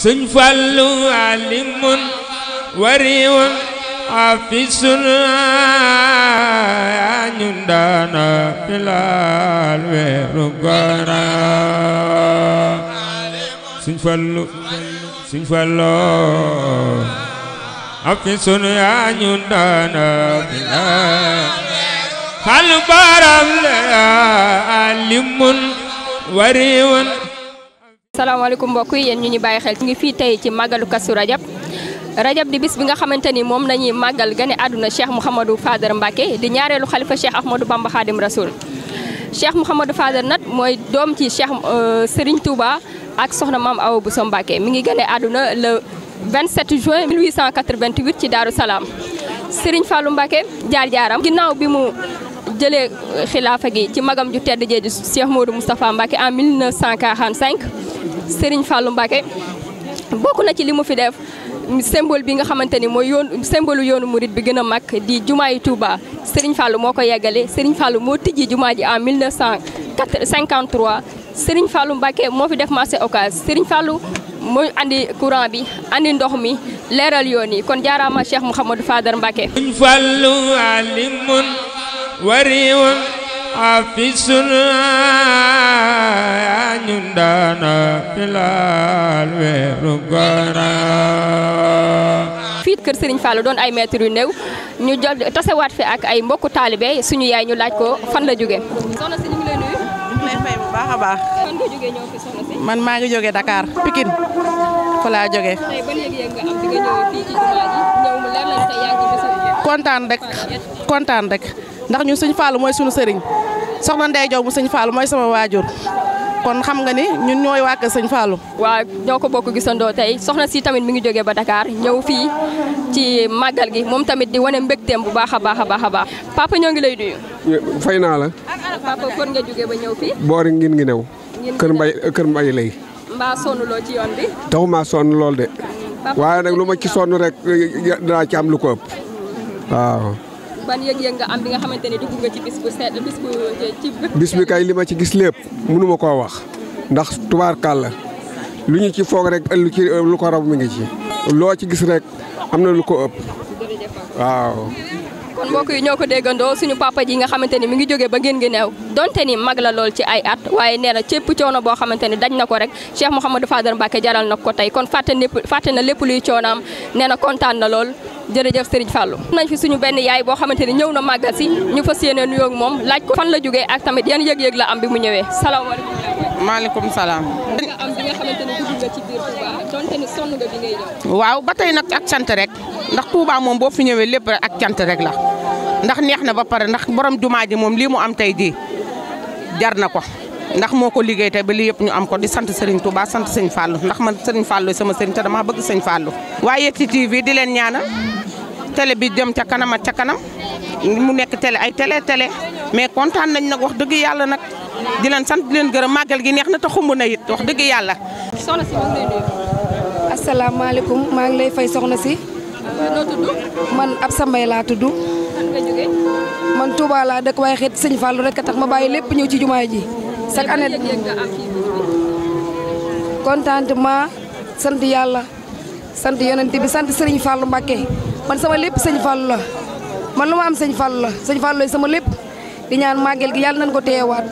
sëñ Fallu alimun wariwun afisun ñun daana filaal weeru gona sëñ Fallu sëñ ñun daana filaal xal baram le alimun wariwun salaamaaleykum mbokk yi yéen ñu ñu bàyyi xel ñu ngi fii tey ci màggalu kastu Rajab rajab di bis bi nga xamante ni moom nañuy màggal gane àdduna Cheikh Mouhamadou Fadar Mbacké di ñaareelu xalifa Cheikh Ahmadou Bamba Khadim Rasoul Cheikh Mouhamadou Fadar nag mooy doom ci Cheikh euh, Serigne Touba ak soxna maam Awa Bousso Mbacké mi ngi gane àdduna le 27 juin 1888 ci Daaru Salaam Serigne Fallou Mbacké jaar-jaaram ginnaaw bi mu jëlee xilaafa gi ci magam ju tedd jeeju Cheikh Modou Moustapha Mbacké en 1945 Serigne Fallou Mbacké bokk na ci li mu fi def symbole bi nga xamante ni mooy yoon symbole yoonu murit bi gën a mag di jumaa yi Touba Serigne Fallou moo ko yeggale Serigne Fallou moo tijji jumaa ji en 1953 Serigne Fallou Mbacké moo fi def marché Ocass Serigne Fallou mooy andi courant bi andi ndox mi leeral yoon yi kon jaaraama Cheikh Mouhamadou Fadar Mbacké. Serigne Fallou alimun wariwun afisun yaa ñun daana filaal weeru kër Serigne Fallou doon ay maître yu néew ñu jot tasewaat fi ak ay mbokku taalibe suñu yaay ñu laaj ko fan la jóge jógee man maa ngi jóge Dakar Pikine fa laa jógee. kontaan rek. ndax ñun sëñ Fallou mooy sunu sëriñ soxna ndeyjoo Jaw mu sëñ Fallou mooy sama waajur kon xam nga ni ñun ñooy waa sëñ Fallou. waaw ñoo ko bokk gisandoo tey soxna si tamit mu ngi jógee ba dakaar ñëw fii ci màggal gi moom tamit di wane mbégteem bu baax a baax a baax a baax papa ñoo ngi lay nuyu. fay naa la. papa kon boori ngin ngi new. kër mbay kër mbay lay. taxu maa sonn lool de. waaye nag lu ma ci sonn rek dinaa ci am lu ko ëpp waaw. ban yëg bis bi kay li ma ci gis lépp mënuma koo wax ndax tubaarkàlla lu ñu ci foog rek lu ci lu ko raw mi ngi ci. loo ci gis rek am na lu ko ëpp waaw. mbokk yi ñoo ko déggandoo suñu papa ji nga xamante ni mi ngi jógee ba ngeen ngi neew donte ni mag la lool ci ay at waaye nee na cépp coono boo xamante ni daj na ko rek Cheikh Mouhamadou Fadal Mbacké jaral na ko tey kon fàtte lépp fàtte na lépp luy coonaam nee na kontaan na lool jërëjëf Serigne Fallou nañ fi suñu benn yaay boo xamante ni ñëw na màggal si ñu fas yéene nuyoo ak moom laaj ko fan la jógee ak tamit yan yëg-yëg la am bi mu ñëwee salaamaaleykum maaleykum salaam waaw ba tey nag ak sant rek ndax Touba moom boo fi ñëwee lépp rek ak cant rek la ndax neex na ba pare ndax borom jumaa ji moom lii mu am tey jii jar na ko ndax moo ko liggéey tey ba lii yëpp ñu am ko di sant Serigne Touba sant Serigne Fallou ndax man Serigne Fallou sama Serigne te dama bëgg Serigne Fallou. waaye Yeti TV di leen ñaana tele bi jëm ca kanamat ca kanam mu nekk télé ay télé tele mais kontaan nañ nag wax dëgg yàlla nag di leen sant di leen gërëm màggal gi neex na te xumb na it wax dëgg yàlla. soxna si maa ngi lay fay soxna si. man Absa Mbaye laa tudd. man Touba la dekk way xeet seigne Fallou rek tax ma baye lepp ñew ci jumaa ji sak chaque contente ma sante yalla sante yonent bi sante seigne Fallou mbacke man sama lepp seigne Fallou la man luma am seigne Fallou la seigne Fallou sama lepp di ñaan magel gi yalla nañ ko teewaat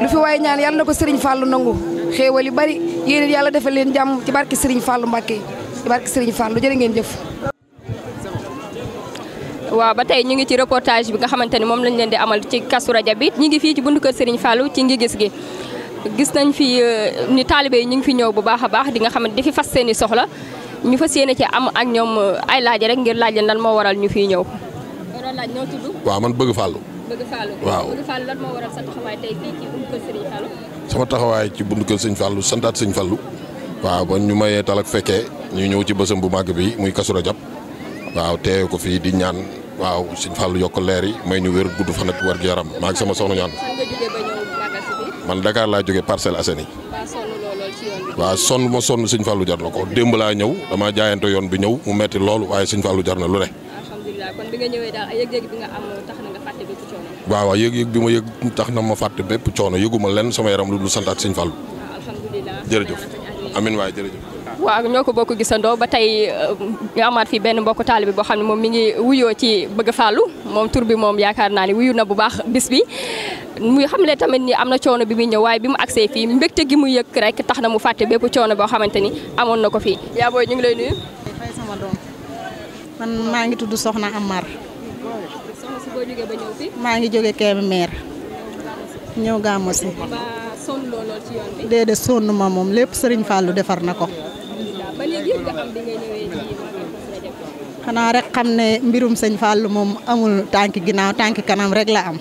lu fi way ñaan yalla nako seigne sëriñ Fallou nangu xéewal yu bari yéen yalla defal leen jàmm ci barke seigne Fallou mbacke ci barke seigne Fallou jere ngeen jëf waaw ba tey ñu ngi ci reportage bi nga xamante ne moom lañ leen di amal ci Kazu Rajab bi ñu ngi fii ci buntu kër Serigne Fallou ci ngi gis gi gis nañ fi euh, ni taalibe yi ñu ngi fi ñëw bu baax a baax di nga xam ne di fi fas seen soxla ñu fas yéene ci am ak ñoom euh, ay laaj rek laaj lan moo waral ñu fiy ñëw. waaw man bëgg Fallou. bëgg waaw bëgg Fallou fii ci buntu kër Serigne Fallou. sama taxawaay ci buntu kër Serigne Fallou santaat Serigne Fallou. waaw ba ñu mayee tal ak fekkee ñu ñëw ci bësëm bu màgg bi muy kasura Rajab waaw teewe ko fii di ñaan waaw sëñ Fallou yokk leer yi may ñu wér gudd fan ak war gi yaram maa ngi sama soxna ñu ànd man Dakar laa jógee Parcelles Assainies waaw sonn ma sonn sëñ Fallou jar na ko démb laa ñëw dama jaayante yoon bi ñëw mu metti loolu waaye sëñ Fallou jar na lu ne waaw yëg-yëg bi ma yëg tax na ma fàtte bépp coono yëguma lenn sama yaram lu dul santaat sëñ Fallou jërëjëf amin waaye jërëjëf waaw ñoo ko bokk gisandoo ba tey euh, ñu amaat fi benn mbokk taalibe boo xam ne moom mi ngi wuyoo ci bëgg fàllu moom tur bi moom yaakaar naa ne wuyu na bu baax bis bi muy xam ne tamit ni am na coono bi mu ñëw waaye bi mu agsee fii mbégte gi mu yëg rek tax na mu fàtte bépp coono boo xamante ni amoon na ko fii yaa ñu ngi lay nuyu fay maa ngi tudd Soxna Amar soxna maa ngi jóge Kébémer ñëw gàmmu si déedéet sonn ma moom lépp sëriñ Fallou defar na ko xanaa rek xam ne mbirum sëñ Fallou moom amul tànki ginnaaw tànki kanam rek la am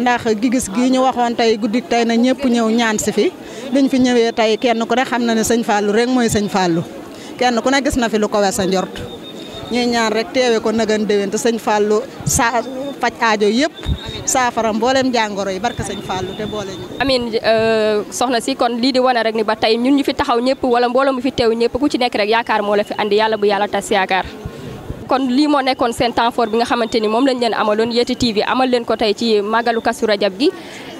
ndax gigis gi ñu waxoon tey guddik tey na ñëpp ñëw ñaan si fi biñ fi ñëwee tey kenn ku ne xam na ne sëñ Fallou rek mooy sëñ Fallou kenn ku ne gis na fi lu ko wees njort ñuy ñaan rek teewe ko nagan déwén te sëñ Fallou sa faj aajo yëpp saafara mbooleem jàngoro yi barka sañ Fallou te boole ñu. amiin euh, soxna si kon lii di wane rek ni ba tey ñun ñu fi taxaw ñëpp wala mbooloo mu fi teew ñëpp ku ci nekk rek yaakaar moo la fi andi yàlla bu yàlla tas yaakaar. kon lii moo nekkoon seen temps bi nga xamante ni moom lañ leen amaloon Yeti TV amal leen ko tey ci màggalu Kazu Rajab gi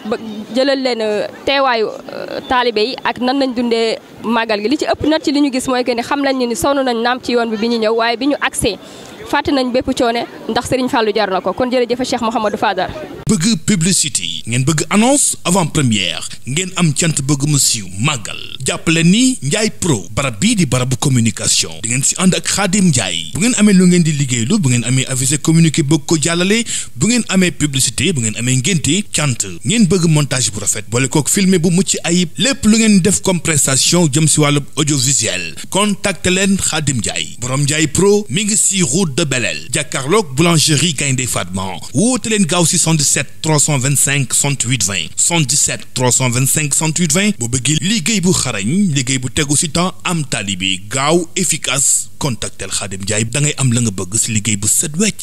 ba jëlal leen euh, teewaayu euh, taalibe yi ak nan nañ dundee màggal gi li ci ëpp nat ci li ñu gis mooy que ni xam nañ ni sonn nañ naam ci yoon bi bi ñu ñëw waaye bi ñu accès fàtte nañ bépp coone ndax Serigne Fallou jar na ko kon jërëjëf Cheikh Mouhamadou Fadar. bëgg publicité ngeen bëgg annonce avant première ngeen am cant bëgg Magal. siw màggal jàppale ni njaay Pro barab bii di barabu communication di ngeen si ànd ak Xaadim njaay bu ngeen amee lu ngeen di liggéeylu bu ngeen amee avisé communiqué bëgg ko jàllale bu ngeen amee publicité bu amé amee ngénte cant ngeen bëgg montage bu rafet boole kook filmé bu mucc ayib lépp lu ngeen def comme prestation jëm si wàllu audiovisuel contacte leen Xaadim Ndiaye borom Ndiaye Pro mi ngi si route de Belel jàkkaarloog boulangerie Gaynde Fatma wóote leen gaaw si 77 325 68 20 77 325 68 20 boo bëggee liggéey bu xarañ liggéey bu tegu ci temps am taalibe gaaw efficace contactel Xaadim Njaay da ngay am la nga bëgg ci liggéey bu set wecc